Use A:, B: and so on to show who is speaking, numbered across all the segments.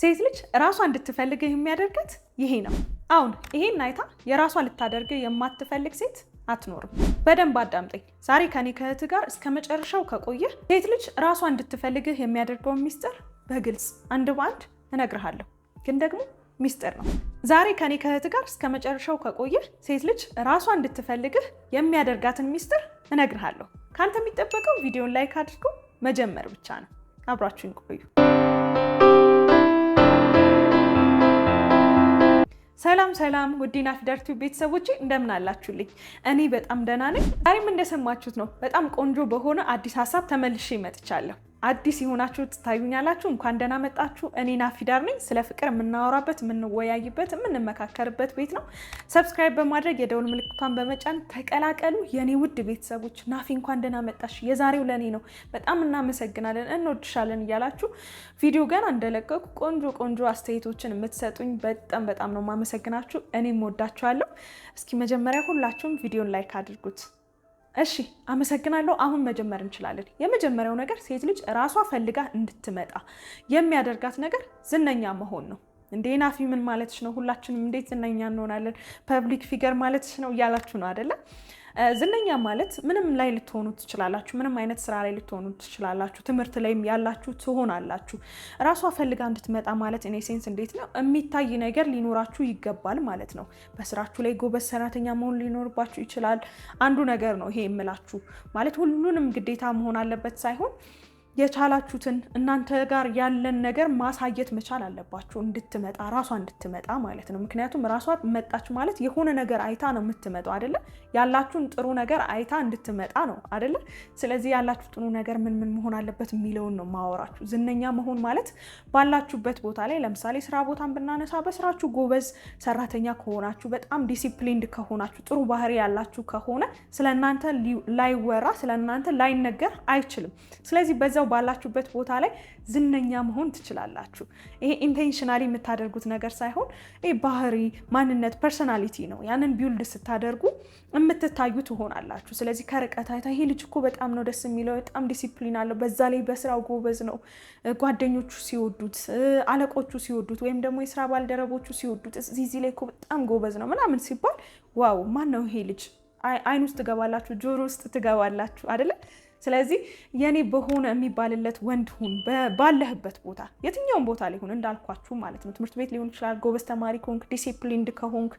A: ሴት ልጅ ራሷ እንድትፈልግ የሚያደርጋት ይሄ ነው። አሁን ይሄን አይታ የራሷ ልታደርገ የማትፈልግ ሴት አትኖርም። በደንብ አዳምጠኝ። ዛሬ ከኔ ከእህት ጋር እስከ መጨረሻው ከቆየህ ሴት ልጅ ራሷ እንድትፈልግህ የሚያደርገውን ሚስጥር በግልጽ አንድ በአንድ እነግርሃለሁ። ግን ደግሞ ሚስጥር ነው። ዛሬ ከኔ ከእህት ጋር እስከ መጨረሻው ከቆየህ ሴት ልጅ ራሷ እንድትፈልግህ የሚያደርጋትን ሚስጥር እነግርሃለሁ። ከአንተ የሚጠበቀው ቪዲዮን ላይክ አድርጎ መጀመር ብቻ ነው። አብራችሁን ቆዩ።
B: ሰላም ሰላም ውድ ናፊዳር ቲዩብ ቤተሰቦቼ እንደምን አላችሁልኝ? እኔ በጣም ደህና ነኝ። ዛሬም እንደሰማችሁት ነው በጣም ቆንጆ በሆነ አዲስ ሀሳብ ተመልሼ መጥቻለሁ። አዲስ የሆናችሁ ትታዩኛላችሁ፣ እንኳን ደህና መጣችሁ። እኔ ናፊዳር ነኝ። ስለ ፍቅር የምናወራበት የምንወያይበት፣ የምንመካከርበት ቤት ነው። ሰብስክራይብ በማድረግ የደውል ምልክቷን በመጫን ተቀላቀሉ። የኔ ውድ ቤተሰቦች ናፊ እንኳን ደህና መጣሽ፣ የዛሬው ለእኔ ነው፣ በጣም እናመሰግናለን፣ እንወድሻለን እያላችሁ ቪዲዮ ገና እንደለቀቁ ቆንጆ ቆንጆ አስተያየቶችን የምትሰጡኝ በጣም በጣም ነው ማመሰግናችሁ። እኔም ወዳችኋለሁ። እስኪ መጀመሪያ ሁላችሁም ቪዲዮን ላይክ አድርጉት። እሺ አመሰግናለሁ። አሁን መጀመር እንችላለን። የመጀመሪያው ነገር ሴት ልጅ ራሷ ፈልጋ እንድትመጣ የሚያደርጋት ነገር ዝነኛ መሆን ነው። እንዴ ናፊ ምን ማለትሽ ነው? ሁላችንም እንዴት ዝነኛ እንሆናለን? ፐብሊክ ፊገር ማለትሽ ነው እያላችሁ ነው አይደለም? ዝነኛ ማለት ምንም ላይ ልትሆኑ ትችላላችሁ፣ ምንም አይነት ስራ ላይ ልትሆኑ ትችላላችሁ፣ ትምህርት ላይም ያላችሁ ትሆናላችሁ። እራሷ ፈልጋ እንድትመጣ ማለት እኔ ሴንስ እንዴት ነው የሚታይ ነገር ሊኖራችሁ ይገባል ማለት ነው። በስራችሁ ላይ ጎበዝ ሰራተኛ መሆን ሊኖርባችሁ ይችላል። አንዱ ነገር ነው ይሄ የምላችሁ ማለት ሁሉንም ግዴታ መሆን አለበት ሳይሆን የቻላችሁትን እናንተ ጋር ያለን ነገር ማሳየት መቻል አለባችሁ። እንድትመጣ ራሷ እንድትመጣ ማለት ነው። ምክንያቱም ራሷ መጣች ማለት የሆነ ነገር አይታ ነው የምትመጣው አይደለ? ያላችሁን ጥሩ ነገር አይታ እንድትመጣ ነው አይደለ? ስለዚህ ያላችሁ ጥሩ ነገር ምን ምን መሆን አለበት የሚለውን ነው ማወራችሁ። ዝነኛ መሆን ማለት ባላችሁበት ቦታ ላይ ለምሳሌ ስራ ቦታን ብናነሳ በስራችሁ ጎበዝ ሰራተኛ ከሆናችሁ፣ በጣም ዲሲፕሊንድ ከሆናችሁ፣ ጥሩ ባህሪ ያላችሁ ከሆነ ስለእናንተ ላይወራ ስለእናንተ ላይነገር አይችልም። ስለዚህ በዛው ባላችሁበት ቦታ ላይ ዝነኛ መሆን ትችላላችሁ። ይሄ ኢንቴንሽናሊ የምታደርጉት ነገር ሳይሆን ይሄ ባህሪ፣ ማንነት፣ ፐርሰናሊቲ ነው። ያንን ቢውልድ ስታደርጉ የምትታዩ ትሆናላችሁ። ስለዚህ ከርቀት አይታ ይሄ ልጅ እኮ በጣም ነው ደስ የሚለው፣ በጣም ዲሲፕሊን አለው፣ በዛ ላይ በስራው ጎበዝ ነው፣ ጓደኞቹ ሲወዱት፣ አለቆቹ ሲወዱት፣ ወይም ደግሞ የስራ ባልደረቦቹ ሲወዱት፣ እዚህ እዚህ ላይ እኮ በጣም ጎበዝ ነው ምናምን ሲባል ዋው ማን ነው ይሄ ልጅ? አይን ውስጥ ትገባላችሁ፣ ጆሮ ውስጥ ትገባላችሁ አይደለም? ስለዚህ የኔ በሆነ የሚባልለት ወንድ ሁን፣ ባለህበት ቦታ የትኛውም ቦታ ላይ ሁን እንዳልኳችሁ ማለት ነው። ትምህርት ቤት ሊሆን ይችላል፣ ጎበዝ ተማሪ ከሆንክ፣ ዲሲፕሊንድ ከሆንክ፣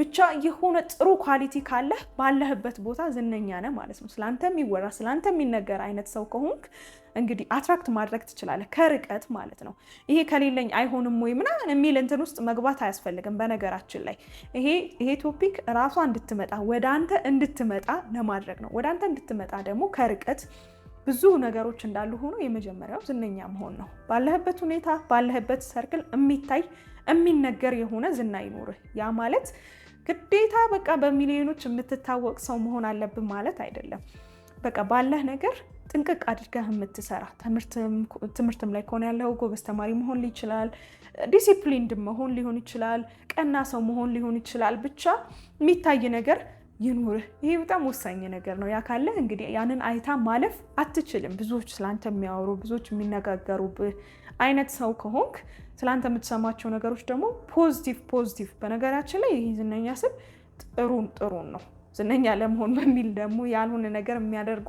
B: ብቻ የሆነ ጥሩ ኳሊቲ ካለህ ባለህበት ቦታ ዝነኛ ነህ ማለት ነው። ስለአንተ የሚወራ ስለአንተ የሚነገር አይነት ሰው ከሆንክ እንግዲህ አትራክት ማድረግ ትችላለህ፣ ከርቀት ማለት ነው። ይሄ ከሌለኝ አይሆንም ወይ ምናምን የሚል እንትን ውስጥ መግባት አያስፈልግም። በነገራችን ላይ ይሄ ይሄ ቶፒክ ራሷ እንድትመጣ ወደ አንተ እንድትመጣ ለማድረግ ነው። ወደ አንተ እንድትመጣ ደግሞ ከርቀት ብዙ ነገሮች እንዳሉ ሆኖ የመጀመሪያው ዝነኛ መሆን ነው። ባለህበት ሁኔታ ባለህበት ሰርክል የሚታይ የሚነገር የሆነ ዝና ይኖርህ። ያ ማለት ግዴታ በቃ በሚሊዮኖች የምትታወቅ ሰው መሆን አለብን ማለት አይደለም። በቃ ባለህ ነገር ጥንቅቅ አድርገህ የምትሰራ ትምህርትም ላይ ከሆነ ያለው ጎበዝ ተማሪ መሆን ይችላል፣ ዲሲፕሊንድ መሆን ሊሆን ይችላል፣ ቀና ሰው መሆን ሊሆን ይችላል። ብቻ የሚታይ ነገር ይኑርህ። ይሄ በጣም ወሳኝ ነገር ነው። ያ ካለ እንግዲህ ያንን አይታ ማለፍ አትችልም። ብዙዎች ስለአንተ የሚያወሩ ብዙዎች የሚነጋገሩብህ አይነት ሰው ከሆንክ ስለአንተ የምትሰማቸው ነገሮች ደግሞ ፖዚቲቭ ፖዚቲቭ። በነገራችን ላይ ይህ ዝነኛ ስል ጥሩን ጥሩን ነው። ዝነኛ ለመሆን በሚል ደግሞ ያልሆነ ነገር የሚያደርጉ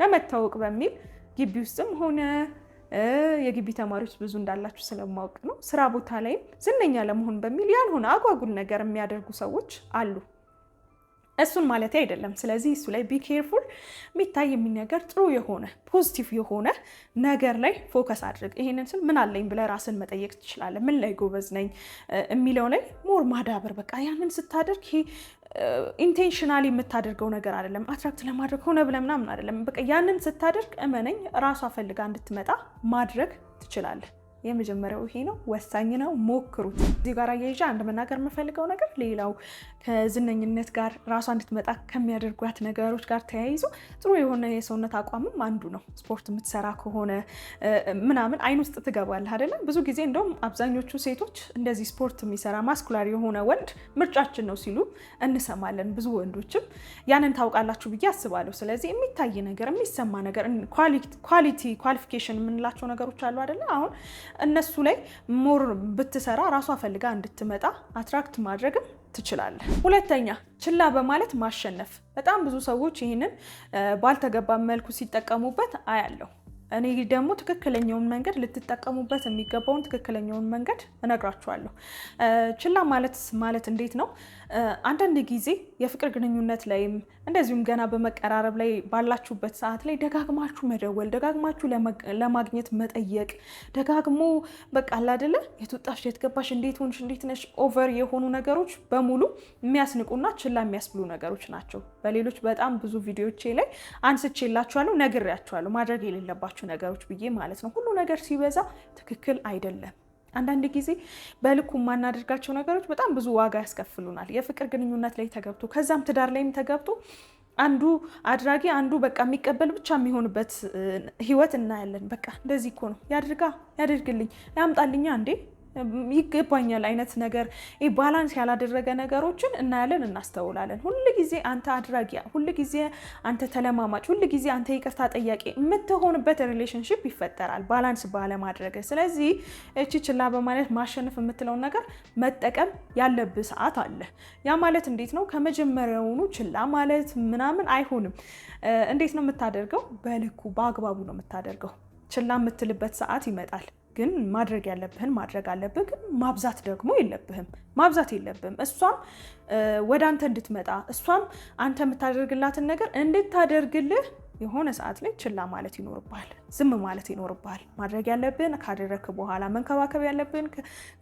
B: ለመታወቅ በሚል ግቢ ውስጥም ሆነ የግቢ ተማሪዎች ብዙ እንዳላችሁ ስለማወቅ ነው። ስራ ቦታ ላይም ዝነኛ ለመሆን በሚል ያልሆነ አጓጉል ነገር የሚያደርጉ ሰዎች አሉ። እሱን ማለት አይደለም። ስለዚህ እሱ ላይ ቢኬርፉል ኬርፉል። የሚታይ የሚነገር ጥሩ የሆነ ፖዚቲቭ የሆነ ነገር ላይ ፎከስ አድርግ። ይህንን ስል ምን አለኝ ብለህ ራስን መጠየቅ ትችላለህ። ምን ላይ ጎበዝ ነኝ የሚለው ላይ ሞር ማዳበር። በቃ ያንን ስታደርግ ይሄ ኢንቴንሽናሊ የምታደርገው ነገር አይደለም። አትራክት ለማድረግ ሆነ ብለህ ምናምን አይደለም። በቃ ያንን ስታደርግ እመነኝ፣ ራሷ ፈልጋ እንድትመጣ ማድረግ ትችላለህ። የመጀመሪያው ይሄ ነው። ወሳኝ ነው። ሞክሩት። እዚህ ጋር አያይዤ አንድ መናገር የምፈልገው ነገር ሌላው ከዝነኝነት ጋር ራሷ እንድትመጣ ከሚያደርጓት ነገሮች ጋር ተያይዞ ጥሩ የሆነ የሰውነት አቋምም አንዱ ነው። ስፖርት የምትሰራ ከሆነ ምናምን አይን ውስጥ ትገባለህ አይደለም። ብዙ ጊዜ እንደውም አብዛኞቹ ሴቶች እንደዚህ ስፖርት የሚሰራ ማስኩላር የሆነ ወንድ ምርጫችን ነው ሲሉ እንሰማለን። ብዙ ወንዶችም ያንን ታውቃላችሁ ብዬ አስባለሁ። ስለዚህ የሚታይ ነገር፣ የሚሰማ ነገር፣ ኳሊቲ ኳሊፊኬሽን የምንላቸው ነገሮች አሉ አይደለ? አሁን እነሱ ላይ ሞር ብትሰራ ራሷ ፈልጋ እንድትመጣ አትራክት ማድረግም ትችላለህ። ሁለተኛ ችላ በማለት ማሸነፍ። በጣም ብዙ ሰዎች ይህንን ባልተገባ መልኩ ሲጠቀሙበት አያለሁ። እኔ ደግሞ ትክክለኛውን መንገድ ልትጠቀሙበት የሚገባውን ትክክለኛውን መንገድ እነግራችኋለሁ። ችላ ማለት ማለት እንዴት ነው? አንዳንድ ጊዜ የፍቅር ግንኙነት ላይም እንደዚሁም ገና በመቀራረብ ላይ ባላችሁበት ሰዓት ላይ ደጋግማችሁ መደወል፣ ደጋግማችሁ ለማግኘት መጠየቅ፣ ደጋግሞ በቃ አላደለ የት ወጣሽ፣ የት ገባሽ፣ እንዴት ሆንሽ፣ እንዴት ነሽ ኦቨር የሆኑ ነገሮች በሙሉ የሚያስንቁና ችላ የሚያስብሉ ነገሮች ናቸው። በሌሎች በጣም ብዙ ቪዲዮቼ ላይ አንስቼላችኋለሁ፣ ነግሬያችኋለሁ ማድረግ የሌለባችሁ ነገሮች ብዬ ማለት ነው። ሁሉ ነገር ሲበዛ ትክክል አይደለም። አንዳንድ ጊዜ በልኩ የማናደርጋቸው ነገሮች በጣም ብዙ ዋጋ ያስከፍሉናል። የፍቅር ግንኙነት ላይ ተገብቶ ከዛም ትዳር ላይም ተገብቶ አንዱ አድራጊ አንዱ በቃ የሚቀበል ብቻ የሚሆንበት ህይወት እናያለን። በቃ እንደዚህ እኮ ነው ያድርጋ ያደርግልኝ ያምጣልኛ እንዴ ይገባኛል አይነት ነገር ባላንስ ያላደረገ ነገሮችን እናያለን፣ እናስተውላለን። ሁል ጊዜ አንተ አድራጊያ፣ ሁል ጊዜ አንተ ተለማማጭ፣ ሁል ጊዜ አንተ ይቅርታ ጠያቂ የምትሆንበት ሪሌሽንሽፕ ይፈጠራል ባላንስ ባለማድረግ። ስለዚህ እቺ ችላ በማለት ማሸነፍ የምትለውን ነገር መጠቀም ያለብህ ሰዓት አለ። ያ ማለት እንዴት ነው? ከመጀመሪያውኑ ችላ ማለት ምናምን አይሆንም። እንዴት ነው የምታደርገው? በልኩ በአግባቡ ነው የምታደርገው። ችላ የምትልበት ሰዓት ይመጣል። ግን ማድረግ ያለብህን ማድረግ አለብህ። ግን ማብዛት ደግሞ የለብህም ማብዛት የለብህም። እሷም ወደ አንተ እንድትመጣ እሷም አንተ የምታደርግላትን ነገር እንድታደርግልህ የሆነ ሰዓት ላይ ችላ ማለት ይኖርባል ዝም ማለት ይኖርባል ማድረግ ያለብህን ካደረክ በኋላ መንከባከብ ያለብህን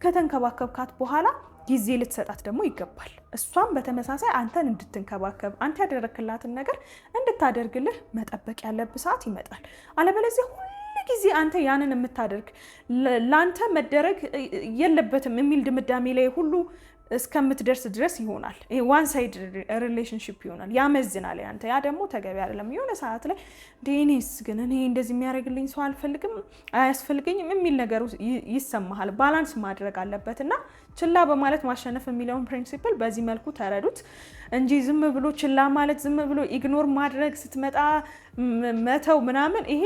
B: ከተንከባከብካት በኋላ ጊዜ ልትሰጣት ደግሞ ይገባል። እሷም በተመሳሳይ አንተን እንድትንከባከብ አንተ ያደረክላትን ነገር እንድታደርግልህ መጠበቅ ያለብህ ሰዓት ይመጣል። አለበለዚያ ሁልጊዜ አንተ ያንን የምታደርግ ለአንተ መደረግ የለበትም የሚል ድምዳሜ ላይ ሁሉ እስከምትደርስ ድረስ ይሆናል። ይሄ ዋን ሳይድ ሪሌሽንሽፕ ይሆናል፣ ያመዝናል። አንተ ያ ደግሞ ተገቢ አይደለም። የሆነ ሰዓት ላይ ዴኒስ ግን እኔ እንደዚህ የሚያደርግልኝ ሰው አልፈልግም፣ አያስፈልገኝም የሚል ነገሩ ይሰማሃል። ባላንስ ማድረግ አለበት እና ችላ በማለት ማሸነፍ የሚለውን ፕሪንሲፕል በዚህ መልኩ ተረዱት እንጂ ዝም ብሎ ችላ ማለት ዝም ብሎ ኢግኖር ማድረግ ስትመጣ መተው ምናምን ይሄ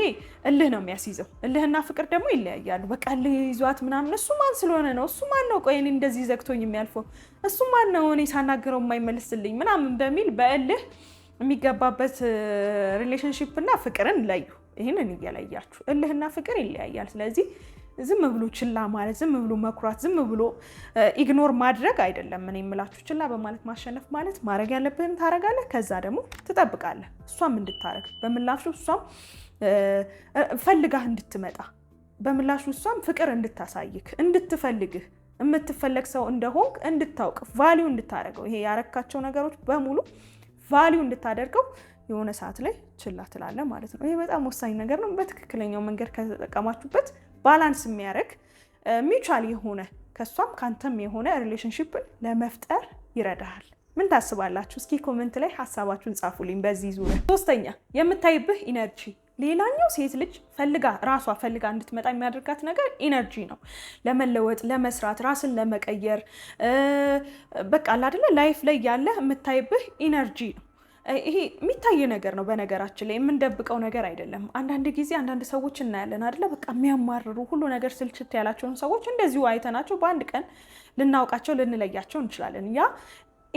B: እልህ ነው የሚያስይዘው። እልህና ፍቅር ደግሞ ይለያያሉ። በቃ እልህ ይዟት ምናምን እሱ ማን ስለሆነ ነው እሱ ማን ነው ቆይ እኔ እንደዚህ ዘግቶኝ የሚያልፈው እሱ ማን ነው እኔ ሳናግረው የማይመልስልኝ ምናምን በሚል በእልህ የሚገባበት ሪሌሽንሽፕ እና ፍቅርን ለዩ። ይህንን እየለያችሁ እልህና ፍቅር ይለያያል። ስለዚህ ዝም ብሎ ችላ ማለት ዝም ብሎ መኩራት ዝም ብሎ ኢግኖር ማድረግ አይደለም። እኔ የምላችሁ ችላ በማለት ማሸነፍ ማለት ማድረግ ያለብህን ታደርጋለህ ከዛ ደግሞ ትጠብቃለህ እሷም እንድታረግ በምላሹ እሷም ፈልጋህ እንድትመጣ በምላሹ እሷም ፍቅር እንድታሳይክ እንድትፈልግህ የምትፈለግ ሰው እንደሆንክ እንድታውቅ ቫሊዩ እንድታደርገው ይሄ ያረካቸው ነገሮች በሙሉ ቫሊዩ እንድታደርገው የሆነ ሰዓት ላይ ችላ ትላለህ ማለት ነው። ይሄ በጣም ወሳኝ ነገር ነው። በትክክለኛው መንገድ ከተጠቀማችሁበት ባላንስ የሚያደርግ ሚቹዋል የሆነ ከእሷም ከአንተም የሆነ ሪሌሽንሽፕን ለመፍጠር ይረዳሃል። ምን ታስባላችሁ? እስኪ ኮመንት ላይ ሀሳባችሁን ጻፉልኝ በዚህ ዙሪያ። ሶስተኛ የምታይብህ ኢነርጂ። ሌላኛው ሴት ልጅ ፈልጋ ራሷ ፈልጋ እንድትመጣ የሚያደርጋት ነገር ኢነርጂ ነው። ለመለወጥ፣ ለመስራት፣ ራስን ለመቀየር በቃ አላደለ ላይፍ ላይ ያለ የምታይብህ ኢነርጂ ነው። ይሄ የሚታይ ነገር ነው። በነገራችን ላይ የምንደብቀው ነገር አይደለም። አንዳንድ ጊዜ አንዳንድ ሰዎች እናያለን አይደለ? በቃ የሚያማርሩ ሁሉ ነገር ስልችት ያላቸውን ሰዎች እንደዚሁ አይተናቸው በአንድ ቀን ልናውቃቸው ልንለያቸው እንችላለን። ያ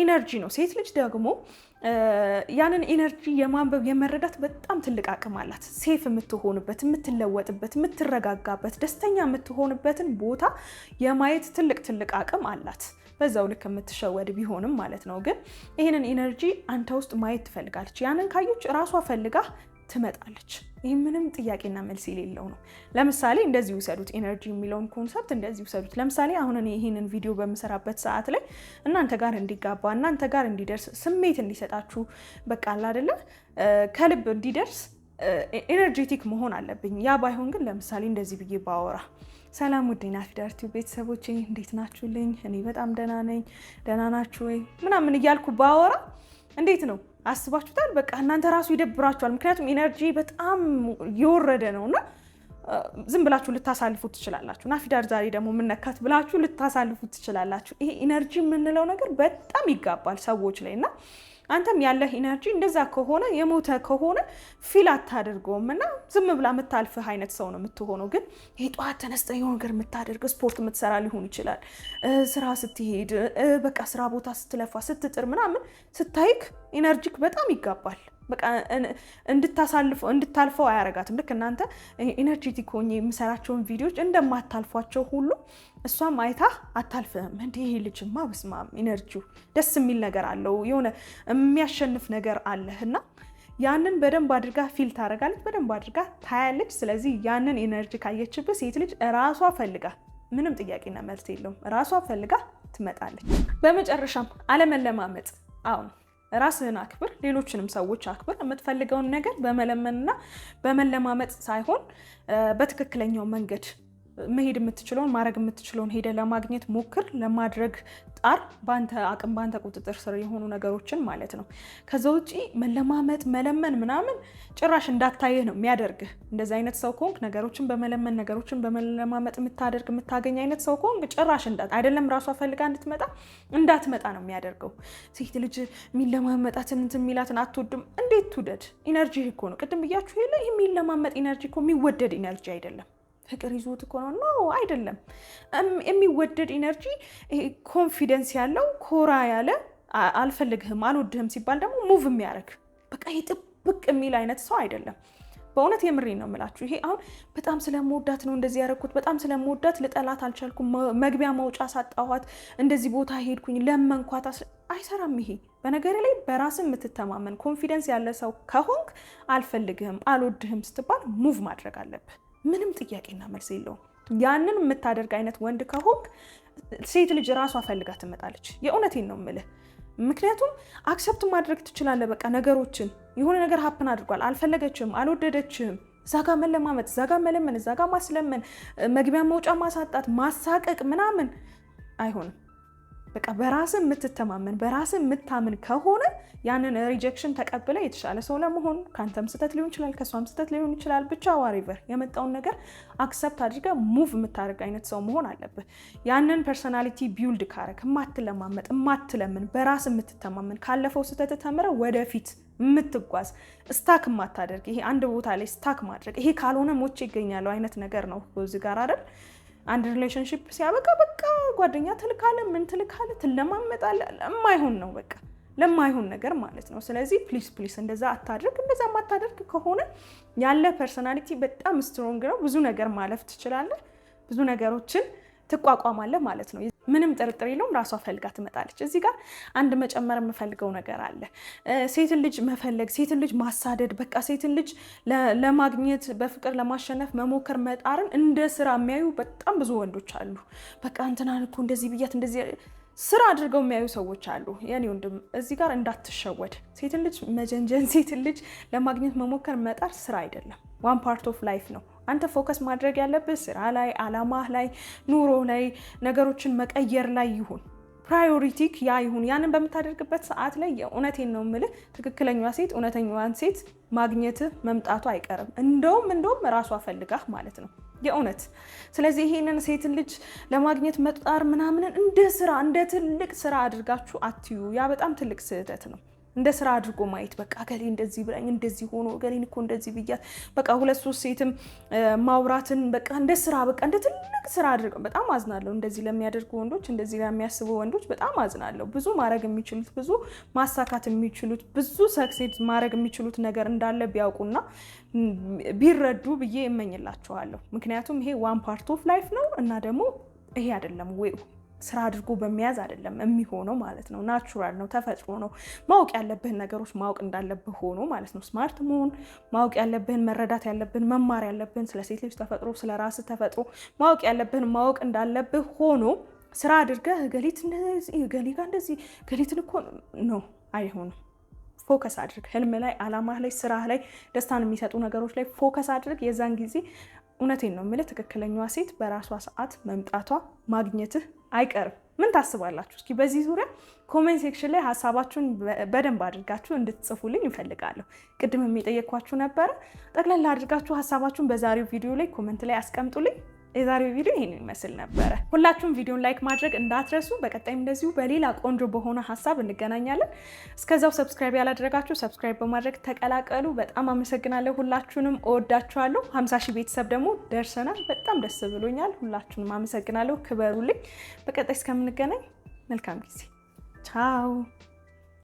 B: ኢነርጂ ነው። ሴት ልጅ ደግሞ ያንን ኢነርጂ የማንበብ የመረዳት በጣም ትልቅ አቅም አላት። ሴፍ የምትሆንበት፣ የምትለወጥበት፣ የምትረጋጋበት፣ ደስተኛ የምትሆንበትን ቦታ የማየት ትልቅ ትልቅ አቅም አላት። በዛው ልክ የምትሸወድ ቢሆንም ማለት ነው። ግን ይህንን ኢነርጂ አንተ ውስጥ ማየት ትፈልጋለች። ያንን ካየች እራሷ ፈልጋ ትመጣለች። ይህ ምንም ጥያቄና መልስ የሌለው ነው። ለምሳሌ እንደዚህ ውሰዱት፣ ኤነርጂ የሚለውን ኮንሰፕት እንደዚህ ውሰዱት። ለምሳሌ አሁን እኔ ይህንን ቪዲዮ በምሰራበት ሰዓት ላይ እናንተ ጋር እንዲጋባ እናንተ ጋር እንዲደርስ ስሜት እንዲሰጣችሁ በቃ አለ አይደለ ከልብ እንዲደርስ ኤነርጄቲክ መሆን አለብኝ። ያ ባይሆን ግን ለምሳሌ እንደዚህ ብዬ ባወራ ሰላም ውድ ናፊዳር ቲዩብ እንዴት ናችሁልኝ? እኔ በጣም ደህና ነኝ። ደህና ናችሁ ወይ ምናምን እያልኩ ባወራ እንዴት ነው አስባችሁታል? በቃ እናንተ ራሱ ይደብራችኋል። ምክንያቱም ኢነርጂ በጣም እየወረደ ነው እና ዝም ብላችሁ ልታሳልፉ ትችላላችሁ። ናፊዳር ዛሬ ደግሞ የምነካት ብላችሁ ልታሳልፉ ትችላላችሁ። ይሄ ኢነርጂ የምንለው ነገር በጣም ይጋባል ሰዎች ላይ እና አንተም ያለህ ኢነርጂ እንደዛ ከሆነ የሞተ ከሆነ ፊል አታደርገውም እና ዝም ብላ የምታልፍህ አይነት ሰው ነው የምትሆነው። ግን ይህ ጠዋት ተነስተህ የሆነ ነገር የምታደርግ ስፖርት የምትሰራ ሊሆን ይችላል። ስራ ስትሄድ፣ በቃ ስራ ቦታ ስትለፋ፣ ስትጥር ምናምን ስታይክ ኢነርጂክ በጣም ይጋባል። በቃ እንድታሳልፈው እንድታልፈው አያረጋትም። ልክ እናንተ ኢነርጂቲክ ሆኜ የምሰራቸውን ቪዲዮዎች እንደማታልፏቸው ሁሉ እሷም አይታ አታልፍም። እንደ ይሄ ልጅማ በስማም ኢነርጂው ደስ የሚል ነገር አለው የሆነ የሚያሸንፍ ነገር አለህ እና ያንን በደንብ አድርጋ ፊል ታደርጋለች፣ በደንብ አድርጋ ታያለች። ስለዚህ ያንን ኤነርጂ ካየችብህ ሴት ልጅ ራሷ ፈልጋ ምንም ጥያቄና መልስ የለውም ራሷ ፈልጋ ትመጣለች። በመጨረሻም አለመለማመጥ አሁን ራስህን አክብር፣ ሌሎችንም ሰዎች አክብር። የምትፈልገውን ነገር በመለመንና በመለማመጥ ሳይሆን በትክክለኛው መንገድ መሄድ የምትችለውን ማድረግ የምትችለውን ሄደ ለማግኘት ሞክር፣ ለማድረግ ጣር። በአንተ አቅም በአንተ ቁጥጥር ስር የሆኑ ነገሮችን ማለት ነው። ከዛ ውጪ መለማመጥ፣ መለመን ምናምን ጭራሽ እንዳታየህ ነው የሚያደርግህ። እንደዚ አይነት ሰው ከሆንክ ነገሮችን በመለመን ነገሮችን በመለማመጥ የምታደርግ የምታገኝ አይነት ሰው ከሆንክ ጭራሽ እንዳ አይደለም ራሷ ፈልጋ እንድትመጣ እንዳትመጣ ነው የሚያደርገው። ሴት ልጅ የሚለማመጣትን እንትን የሚላትን አትወድም። እንዴት ትውደድ? ኢነርጂ እኮ ነው። ቅድም ብያችሁ የለ የሚለማመጥ ኢነርጂ እኮ የሚወደድ ኢነርጂ አይደለም። ፍቅር ይዞት እኮ ነው። ኖ አይደለም። የሚወደድ ኢነርጂ ኮንፊደንስ ያለው ኮራ ያለ አልፈልግህም አልወድህም ሲባል ደግሞ ሙቭ የሚያደርግ በቃ የጥብቅ የሚል አይነት ሰው አይደለም። በእውነት የምሬ ነው የምላችሁ። ይሄ አሁን በጣም ስለመወዳት ነው እንደዚህ ያደረኩት፣ በጣም ስለመወዳት ልጠላት አልቻልኩም፣ መግቢያ መውጫ ሳጣኋት፣ እንደዚህ ቦታ ሄድኩኝ፣ ለመንኳት፣ አይሰራም። ይሄ በነገር ላይ በራስ የምትተማመን ኮንፊደንስ ያለ ሰው ከሆንክ አልፈልግህም፣ አልወድህም ስትባል ሙቭ ማድረግ አለብህ። ምንም ጥያቄና መልስ የለውም። ያንን የምታደርግ አይነት ወንድ ከሆንክ ሴት ልጅ ራሷ ፈልጋ ትመጣለች። የእውነቴን ነው ምልህ። ምክንያቱም አክሰፕት ማድረግ ትችላለህ። በቃ ነገሮችን የሆነ ነገር ሀፕን አድርጓል፣ አልፈለገችም፣ አልወደደችም ዛጋ መለማመጥ፣ ዛጋ መለመን፣ ዛጋ ማስለመን፣ መግቢያ መውጫ ማሳጣት፣ ማሳቀቅ ምናምን አይሆንም። በቃ በራስ የምትተማመን በራስ የምታምን ከሆነ ያንን ሪጀክሽን ተቀብለ የተሻለ ሰው ለመሆን ከአንተም ስህተት ሊሆን ይችላል፣ ከእሷም ስህተት ሊሆን ይችላል። ብቻ ዋሪቨር የመጣውን ነገር አክሰፕት አድርገ ሙቭ የምታደርግ አይነት ሰው መሆን አለብህ። ያንን ፐርሶናሊቲ ቢውልድ ካረክ የማትለማመጥ የማትለምን በራስ የምትተማመን ካለፈው ስህተት ተምረ ወደፊት የምትጓዝ ስታክ የማታደርግ ይሄ አንድ ቦታ ላይ ስታክ ማድረግ ይሄ ካልሆነ ሞቼ ይገኛለው አይነት ነገር ነው እዚህ ጋር አይደል አንድ ሪሌሽንሽፕ ሲያበቃ በቃ ጓደኛ ትልካለ፣ ምን ትልካለ፣ ትለማመጣለ። ለማይሆን ነው በቃ ለማይሆን ነገር ማለት ነው። ስለዚህ ፕሊስ ፕሊስ እንደዛ አታድርግ። እንደዛ ማታደርግ ከሆነ ያለ ፐርሰናሊቲ በጣም ስትሮንግ ነው። ብዙ ነገር ማለፍ ትችላለህ። ብዙ ነገሮችን ትቋቋማለህ ማለት ነው። ምንም ጥርጥር የለውም ራሷ ፈልጋ ትመጣለች። እዚህ ጋር አንድ መጨመር የምፈልገው ነገር አለ። ሴትን ልጅ መፈለግ፣ ሴትን ልጅ ማሳደድ፣ በቃ ሴትን ልጅ ለማግኘት በፍቅር ለማሸነፍ መሞከር መጣርን እንደ ስራ የሚያዩ በጣም ብዙ ወንዶች አሉ። በቃ እንትናን እኮ እንደዚህ ብያት እንደዚህ ስራ አድርገው የሚያዩ ሰዎች አሉ። የኔ ወንድም እዚህ ጋር እንዳትሸወድ። ሴትን ልጅ መጀንጀን፣ ሴትን ልጅ ለማግኘት መሞከር መጣር ስራ አይደለም፣ ዋን ፓርት ኦፍ ላይፍ ነው። አንተ ፎከስ ማድረግ ያለብህ ስራ ላይ፣ አላማህ ላይ፣ ኑሮ ላይ፣ ነገሮችን መቀየር ላይ ይሁን። ፕራዮሪቲክ ያ ይሁን። ያንን በምታደርግበት ሰዓት ላይ የእውነቴን ነው የምልህ ትክክለኛዋ ሴት እውነተኛዋን ሴት ማግኘትህ መምጣቱ አይቀርም። እንደውም እንደውም ራሷ ፈልጋህ ማለት ነው የእውነት። ስለዚህ ይሄንን ሴትን ልጅ ለማግኘት መጣር ምናምንን እንደ ስራ እንደ ትልቅ ስራ አድርጋችሁ አትዩ። ያ በጣም ትልቅ ስህተት ነው። እንደ ስራ አድርጎ ማየት በቃ ገሌ እንደዚህ ብላኝ እንደዚህ ሆኖ ገሌን እኮ እንደዚህ ብያት በቃ ሁለት ሶስት ሴትም ማውራትን በቃ እንደ ስራ በቃ እንደ ትልቅ ስራ አድርገ በጣም አዝናለሁ። እንደዚህ ለሚያደርጉ ወንዶች፣ እንደዚህ ለሚያስቡ ወንዶች በጣም አዝናለሁ። ብዙ ማድረግ የሚችሉት ብዙ ማሳካት የሚችሉት ብዙ ሰክሴት ማድረግ የሚችሉት ነገር እንዳለ ቢያውቁና ቢረዱ ብዬ እመኝላቸዋለሁ። ምክንያቱም ይሄ ዋን ፓርት ኦፍ ላይፍ ነው እና ደግሞ ይሄ አይደለም ወይ ስራ አድርጎ በመያዝ አይደለም የሚሆነው ማለት ነው። ናቹራል ነው፣ ተፈጥሮ ነው። ማወቅ ያለብህን ነገሮች ማወቅ እንዳለብህ ሆኖ ማለት ነው። ስማርት መሆን ማወቅ ያለብህን መረዳት ያለብህን መማር ያለብህን ስለ ሴት ልጅ ተፈጥሮ፣ ስለ ራስህ ተፈጥሮ ማወቅ ያለብህን ማወቅ እንዳለብህ ሆኖ ስራ አድርገህ ገሊት እንደዚህ ገሊጋ እንደዚህ ገሊትን እኮ ነው አይሆንም። ፎከስ አድርግ። ህልም ላይ፣ አላማ ላይ፣ ስራ ላይ፣ ደስታን የሚሰጡ ነገሮች ላይ ፎከስ አድርግ። የዛን ጊዜ እውነቴን ነው የምልህ፣ ትክክለኛዋ ሴት በራሷ ሰዓት መምጣቷ ማግኘትህ አይቀርም። ምን ታስባላችሁ? እስኪ በዚህ ዙሪያ ኮሜንት ሴክሽን ላይ ሀሳባችሁን በደንብ አድርጋችሁ እንድትጽፉልኝ ይፈልጋለሁ። ቅድም የሚጠየኳችሁ ነበረ። ጠቅላላ አድርጋችሁ ሀሳባችሁን በዛሬው ቪዲዮ ላይ ኮሜንት ላይ አስቀምጡልኝ። የዛሬው ቪዲዮ ይሄንን ይመስል ነበረ። ሁላችሁም ቪዲዮን ላይክ ማድረግ እንዳትረሱ። በቀጣይም እንደዚሁ በሌላ ቆንጆ በሆነ ሀሳብ እንገናኛለን። እስከዛው ሰብስክራይብ ያላደረጋችሁ ሰብስክራይብ በማድረግ ተቀላቀሉ። በጣም አመሰግናለሁ። ሁላችሁንም እወዳችኋለሁ። 50 ሺህ ቤተሰብ ደግሞ ደርሰናል። በጣም ደስ ብሎኛል። ሁላችሁንም አመሰግናለሁ። ክበሩልኝ። በቀጣይ እስከምንገናኝ መልካም ጊዜ። ቻው